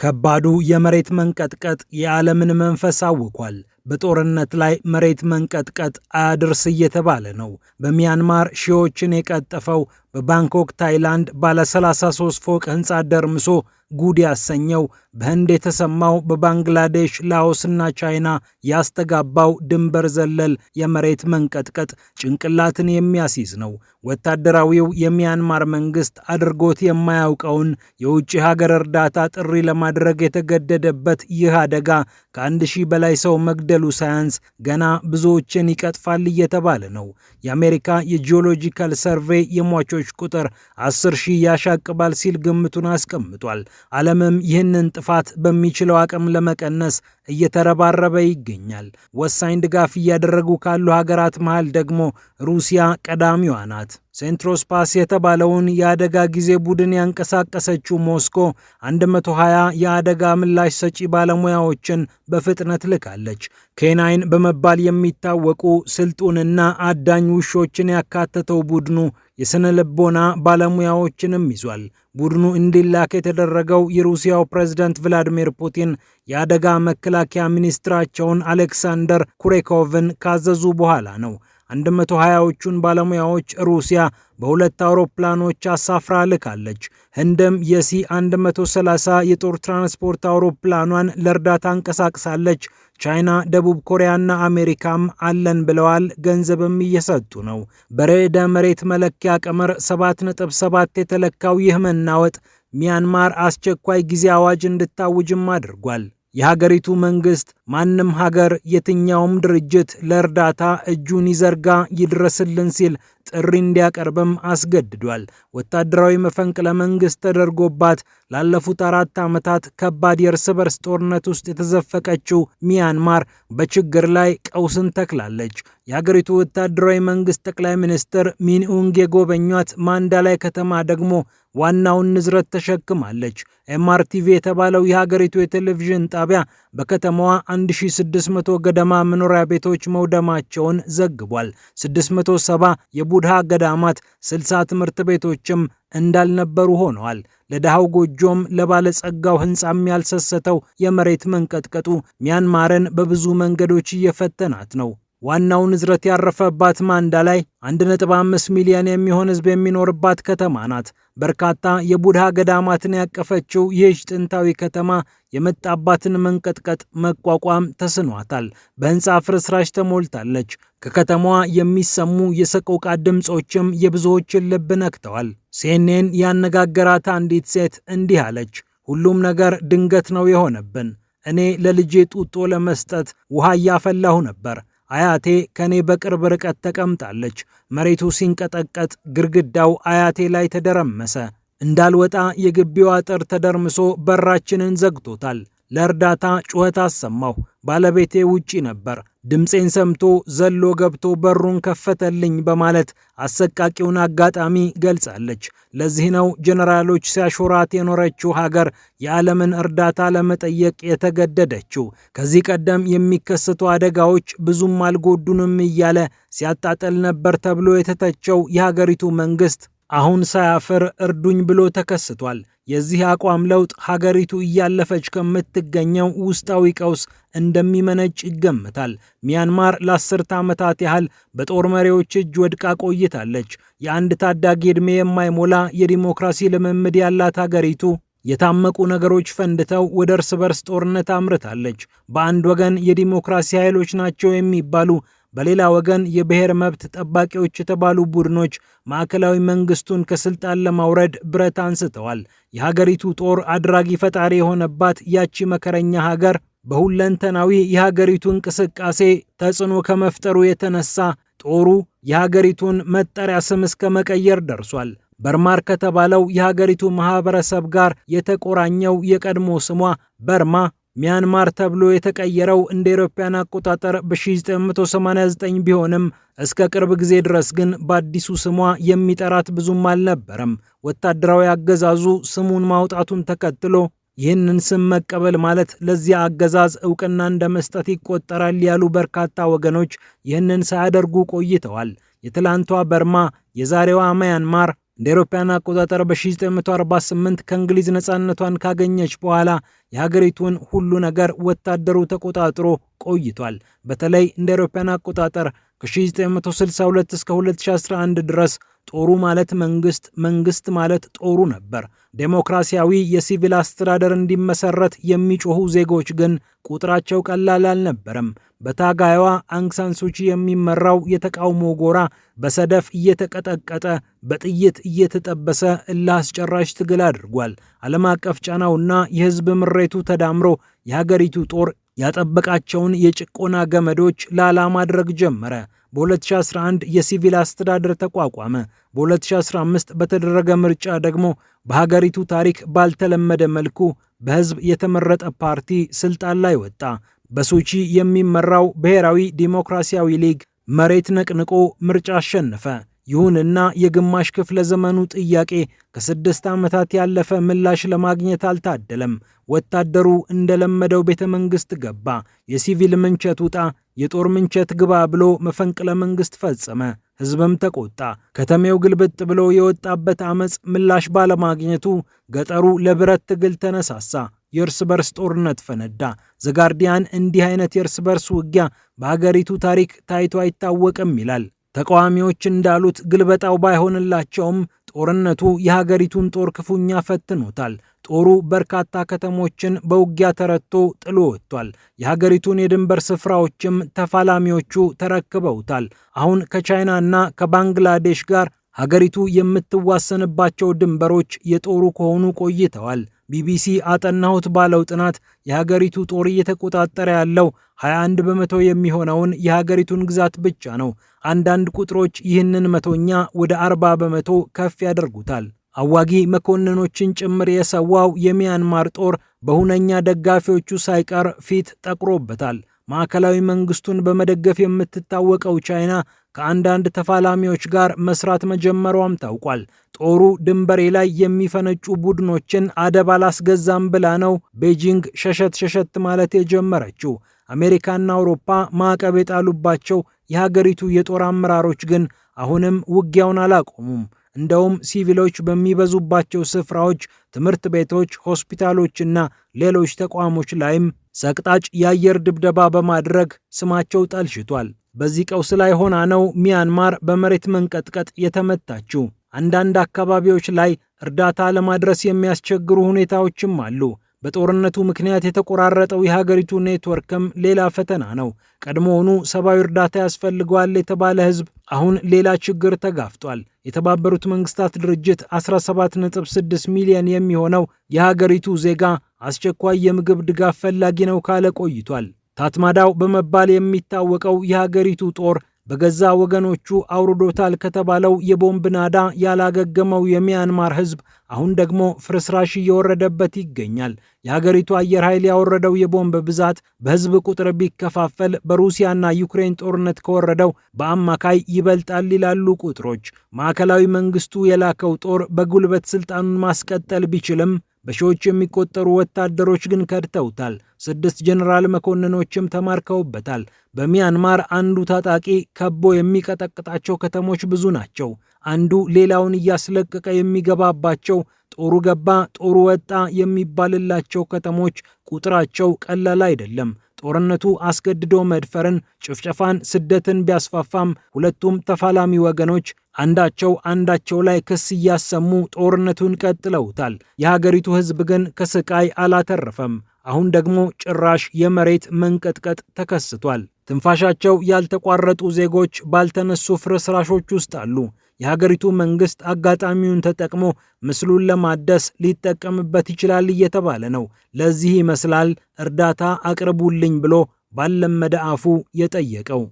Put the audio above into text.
ከባዱ የመሬት መንቀጥቀጥ የዓለምን መንፈስ አውኳል። በጦርነት ላይ መሬት መንቀጥቀጥ አያድርስ እየተባለ ነው። በሚያንማር ሺዎችን የቀጠፈው በባንኮክ ታይላንድ ባለ 33 ፎቅ ሕንፃ ደርምሶ ጉድ ያሰኘው በህንድ የተሰማው በባንግላዴሽ ላኦስና ቻይና ያስተጋባው ድንበር ዘለል የመሬት መንቀጥቀጥ ጭንቅላትን የሚያስይዝ ነው። ወታደራዊው የሚያንማር መንግስት አድርጎት የማያውቀውን የውጭ ሀገር እርዳታ ጥሪ ለማድረግ የተገደደበት ይህ አደጋ ከአንድ ሺህ በላይ ሰው መግደሉ ሳያንስ ገና ብዙዎችን ይቀጥፋል እየተባለ ነው። የአሜሪካ የጂኦሎጂካል ሰርቬ የሟቾች ቁጥር አስር ሺህ ያሻቅባል ሲል ግምቱን አስቀምጧል። ዓለምም ይህንን ጥፋት በሚችለው አቅም ለመቀነስ እየተረባረበ ይገኛል። ወሳኝ ድጋፍ እያደረጉ ካሉ ሀገራት መሃል ደግሞ ሩሲያ ቀዳሚዋ ናት። ሴንትሮስፓስ የተባለውን የአደጋ ጊዜ ቡድን ያንቀሳቀሰችው ሞስኮ 120 የአደጋ ምላሽ ሰጪ ባለሙያዎችን በፍጥነት ልካለች። ኬናይን በመባል የሚታወቁ ስልጡንና አዳኝ ውሾችን ያካተተው ቡድኑ የሥነ ልቦና ባለሙያዎችንም ይዟል። ቡድኑ እንዲላክ የተደረገው የሩሲያው ፕሬዝዳንት ቭላዲሚር ፑቲን የአደጋ መከላከያ ሚኒስትራቸውን አሌክሳንደር ኩሬኮቭን ካዘዙ በኋላ ነው። 120ዎቹን ባለሙያዎች ሩሲያ በሁለት አውሮፕላኖች አሳፍራ ልካለች። ህንድም የሲ 130 የጦር ትራንስፖርት አውሮፕላኗን ለእርዳታ እንቀሳቅሳለች። ቻይና፣ ደቡብ ኮሪያና አሜሪካም አለን ብለዋል። ገንዘብም እየሰጡ ነው። በርዕደ መሬት መለኪያ ቀመር 7.7 የተለካው ይህ መናወጥ ሚያንማር አስቸኳይ ጊዜ አዋጅ እንድታውጅም አድርጓል። የሀገሪቱ መንግስት ማንም ሀገር የትኛውም ድርጅት ለእርዳታ እጁን ይዘርጋ ይድረስልን ሲል ጥሪ እንዲያቀርብም አስገድዷል። ወታደራዊ መፈንቅለ መንግስት ተደርጎባት ላለፉት አራት ዓመታት ከባድ የእርስ በርስ ጦርነት ውስጥ የተዘፈቀችው ሚያንማር በችግር ላይ ቀውስን ተክላለች። የሀገሪቱ ወታደራዊ መንግስት ጠቅላይ ሚኒስትር ሚንኡንግ የጎበኟት ማንዳላይ ከተማ ደግሞ ዋናውን ንዝረት ተሸክማለች። ኤምአርቲቪ የተባለው የሀገሪቱ የቴሌቪዥን ጣቢያ በከተማዋ 1600 ገደማ መኖሪያ ቤቶች መውደማቸውን ዘግቧል። 670 የቡድሃ ገዳማት፣ 60 ትምህርት ቤቶችም እንዳልነበሩ ሆነዋል። ለድሃው ጎጆም ለባለጸጋው ህንፃም ያልሰሰተው የመሬት መንቀጥቀጡ ሚያንማርን በብዙ መንገዶች እየፈተናት ነው። ዋናው ንዝረት ያረፈባት ማንዳ ላይ 1.5 ሚሊዮን የሚሆን ህዝብ የሚኖርባት ከተማ ናት። በርካታ የቡድሃ ገዳማትን ያቀፈችው ይህች ጥንታዊ ከተማ የመጣባትን መንቀጥቀጥ መቋቋም ተስኗታል። በሕንፃ ፍርስራሽ ተሞልታለች። ከከተማዋ የሚሰሙ የሰቆቃ ድምፆችም የብዙዎችን ልብ ነክተዋል። ሴኔን ያነጋገራት አንዲት ሴት እንዲህ አለች። ሁሉም ነገር ድንገት ነው የሆነብን። እኔ ለልጄ ጡጦ ለመስጠት ውሃ እያፈላሁ ነበር አያቴ ከእኔ በቅርብ ርቀት ተቀምጣለች። መሬቱ ሲንቀጠቀጥ ግድግዳው አያቴ ላይ ተደረመሰ። እንዳልወጣ የግቢው አጥር ተደርምሶ በራችንን ዘግቶታል። ለእርዳታ ጩኸት አሰማሁ። ባለቤቴ ውጪ ነበር። ድምፄን ሰምቶ ዘሎ ገብቶ በሩን ከፈተልኝ በማለት አሰቃቂውን አጋጣሚ ገልጻለች። ለዚህ ነው ጀነራሎች ሲያሾራት የኖረችው ሀገር የዓለምን እርዳታ ለመጠየቅ የተገደደችው። ከዚህ ቀደም የሚከሰቱ አደጋዎች ብዙም አልጎዱንም እያለ ሲያጣጠል ነበር ተብሎ የተተቸው የሀገሪቱ መንግስት አሁን ሳያፍር እርዱኝ ብሎ ተከስቷል። የዚህ አቋም ለውጥ ሀገሪቱ እያለፈች ከምትገኘው ውስጣዊ ቀውስ እንደሚመነጭ ይገምታል። ሚያንማር ለአስርተ ዓመታት ያህል በጦር መሪዎች እጅ ወድቃ ቆይታለች። የአንድ ታዳጊ ዕድሜ የማይሞላ የዲሞክራሲ ልምምድ ያላት ሀገሪቱ የታመቁ ነገሮች ፈንድተው ወደ እርስ በርስ ጦርነት አምርታለች። በአንድ ወገን የዲሞክራሲ ኃይሎች ናቸው የሚባሉ በሌላ ወገን የብሔር መብት ጠባቂዎች የተባሉ ቡድኖች ማዕከላዊ መንግስቱን ከስልጣን ለማውረድ ብረት አንስተዋል። የሀገሪቱ ጦር አድራጊ ፈጣሪ የሆነባት ያቺ መከረኛ ሀገር በሁለንተናዊ የሀገሪቱ እንቅስቃሴ ተጽዕኖ ከመፍጠሩ የተነሳ ጦሩ የሀገሪቱን መጠሪያ ስም እስከ መቀየር ደርሷል። በርማር ከተባለው የሀገሪቱ ማህበረሰብ ጋር የተቆራኘው የቀድሞ ስሟ በርማ ሚያንማር ተብሎ የተቀየረው እንደ ኢሮፓያን አቆጣጠር በ1989 ቢሆንም እስከ ቅርብ ጊዜ ድረስ ግን በአዲሱ ስሟ የሚጠራት ብዙም አልነበረም። ወታደራዊ አገዛዙ ስሙን ማውጣቱን ተከትሎ ይህንን ስም መቀበል ማለት ለዚያ አገዛዝ እውቅና እንደ መስጠት ይቆጠራል ያሉ በርካታ ወገኖች ይህንን ሳያደርጉ ቆይተዋል። የትላንቷ በርማ የዛሬዋ ማያንማር እንደ አውሮፓውያን አቆጣጠር በ1948 ከእንግሊዝ ነፃነቷን ካገኘች በኋላ የሀገሪቱን ሁሉ ነገር ወታደሩ ተቆጣጥሮ ቆይቷል። በተለይ እንደ አውሮፓውያን አቆጣጠር ከ1962 እስከ 2011 ድረስ ጦሩ ማለት መንግስት፣ መንግስት ማለት ጦሩ ነበር። ዴሞክራሲያዊ የሲቪል አስተዳደር እንዲመሰረት የሚጮሁ ዜጎች ግን ቁጥራቸው ቀላል አልነበረም። በታጋይዋ አንግሳን የሚመራው የተቃውሞ ጎራ በሰደፍ እየተቀጠቀጠ በጥይት እየተጠበሰ ላስጨራሽ ትግል አድርጓል። ዓለም አቀፍ ጫናውና የሕዝብ ምሬቱ ተዳምሮ የሀገሪቱ ጦር ያጠበቃቸውን የጭቆና ገመዶች ላላ ማድረግ ጀመረ። በ2011 የሲቪል አስተዳደር ተቋቋመ። በ2015 በተደረገ ምርጫ ደግሞ በሀገሪቱ ታሪክ ባልተለመደ መልኩ በህዝብ የተመረጠ ፓርቲ ስልጣን ላይ ወጣ። በሱቺ የሚመራው ብሔራዊ ዲሞክራሲያዊ ሊግ መሬት ነቅንቆ ምርጫ አሸነፈ። ይሁንና የግማሽ ክፍለ ዘመኑ ጥያቄ ከስድስት ዓመታት ያለፈ ምላሽ ለማግኘት አልታደለም። ወታደሩ እንደለመደው ቤተ መንግሥት ገባ። የሲቪል ምንቸት ውጣ፣ የጦር ምንቸት ግባ ብሎ መፈንቅለ መንግሥት ፈጸመ። ሕዝብም ተቆጣ። ከተሜው ግልብጥ ብሎ የወጣበት ዓመፅ ምላሽ ባለማግኘቱ ገጠሩ ለብረት ትግል ተነሳሳ። የእርስ በርስ ጦርነት ፈነዳ። ዘጋርዲያን እንዲህ አይነት የእርስ በርስ ውጊያ በሀገሪቱ ታሪክ ታይቶ አይታወቅም ይላል። ተቃዋሚዎች እንዳሉት ግልበጣው ባይሆንላቸውም ጦርነቱ የሀገሪቱን ጦር ክፉኛ ፈትኖታል። ጦሩ በርካታ ከተሞችን በውጊያ ተረቶ ጥሎ ወጥቷል። የሀገሪቱን የድንበር ስፍራዎችም ተፋላሚዎቹ ተረክበውታል። አሁን ከቻይናና ከባንግላዴሽ ጋር ሀገሪቱ የምትዋሰንባቸው ድንበሮች የጦሩ ከሆኑ ቆይተዋል። ቢቢሲ አጠናሁት ባለው ጥናት የሀገሪቱ ጦር እየተቆጣጠረ ያለው 21 በመቶ የሚሆነውን የሀገሪቱን ግዛት ብቻ ነው። አንዳንድ ቁጥሮች ይህንን መቶኛ ወደ 40 በመቶ ከፍ ያደርጉታል። አዋጊ መኮንኖችን ጭምር የሰዋው የሚያንማር ጦር በሁነኛ ደጋፊዎቹ ሳይቀር ፊት ጠቁሮበታል። ማዕከላዊ መንግስቱን በመደገፍ የምትታወቀው ቻይና ከአንዳንድ ተፋላሚዎች ጋር መስራት መጀመሯም ታውቋል። ጦሩ ድንበሬ ላይ የሚፈነጩ ቡድኖችን አደብ አላስገዛም ብላ ነው ቤጂንግ ሸሸት ሸሸት ማለት የጀመረችው። አሜሪካና አውሮፓ ማዕቀብ የጣሉባቸው የሀገሪቱ የጦር አመራሮች ግን አሁንም ውጊያውን አላቆሙም። እንደውም ሲቪሎች በሚበዙባቸው ስፍራዎች፣ ትምህርት ቤቶች፣ ሆስፒታሎችና ሌሎች ተቋሞች ላይም ሰቅጣጭ የአየር ድብደባ በማድረግ ስማቸው ጠልሽቷል። በዚህ ቀውስ ላይ ሆና ነው ሚያንማር በመሬት መንቀጥቀጥ የተመታችው። አንዳንድ አካባቢዎች ላይ እርዳታ ለማድረስ የሚያስቸግሩ ሁኔታዎችም አሉ። በጦርነቱ ምክንያት የተቆራረጠው የሀገሪቱ ኔትወርክም ሌላ ፈተና ነው። ቀድሞውኑ ሰብአዊ እርዳታ ያስፈልገዋል የተባለ ሕዝብ አሁን ሌላ ችግር ተጋፍጧል። የተባበሩት መንግስታት ድርጅት 17.6 ሚሊዮን የሚሆነው የሀገሪቱ ዜጋ አስቸኳይ የምግብ ድጋፍ ፈላጊ ነው ካለ ቆይቷል። ታትማዳው በመባል የሚታወቀው የሀገሪቱ ጦር በገዛ ወገኖቹ አውርዶታል ከተባለው የቦምብ ናዳ ያላገገመው የሚያንማር ሕዝብ አሁን ደግሞ ፍርስራሽ እየወረደበት ይገኛል። የሀገሪቱ አየር ኃይል ያወረደው የቦምብ ብዛት በሕዝብ ቁጥር ቢከፋፈል በሩሲያና ዩክሬን ጦርነት ከወረደው በአማካይ ይበልጣል ይላሉ ቁጥሮች። ማዕከላዊ መንግስቱ የላከው ጦር በጉልበት ስልጣኑን ማስቀጠል ቢችልም በሺዎች የሚቆጠሩ ወታደሮች ግን ከድተውታል። ስድስት ጀነራል መኮንኖችም ተማርከውበታል። በሚያንማር አንዱ ታጣቂ ከቦ የሚቀጠቅጣቸው ከተሞች ብዙ ናቸው። አንዱ ሌላውን እያስለቀቀ የሚገባባቸው ጦሩ ገባ ጦሩ ወጣ የሚባልላቸው ከተሞች ቁጥራቸው ቀላል አይደለም። ጦርነቱ አስገድዶ መድፈርን፣ ጭፍጨፋን፣ ስደትን ቢያስፋፋም ሁለቱም ተፋላሚ ወገኖች አንዳቸው አንዳቸው ላይ ክስ እያሰሙ ጦርነቱን ቀጥለውታል። የሀገሪቱ ሕዝብ ግን ከስቃይ አላተረፈም። አሁን ደግሞ ጭራሽ የመሬት መንቀጥቀጥ ተከስቷል። ትንፋሻቸው ያልተቋረጡ ዜጎች ባልተነሱ ፍርስራሾች ውስጥ አሉ። የሀገሪቱ መንግስት አጋጣሚውን ተጠቅሞ ምስሉን ለማደስ ሊጠቀምበት ይችላል እየተባለ ነው። ለዚህ ይመስላል እርዳታ አቅርቡልኝ ብሎ ባለመደ አፉ የጠየቀው።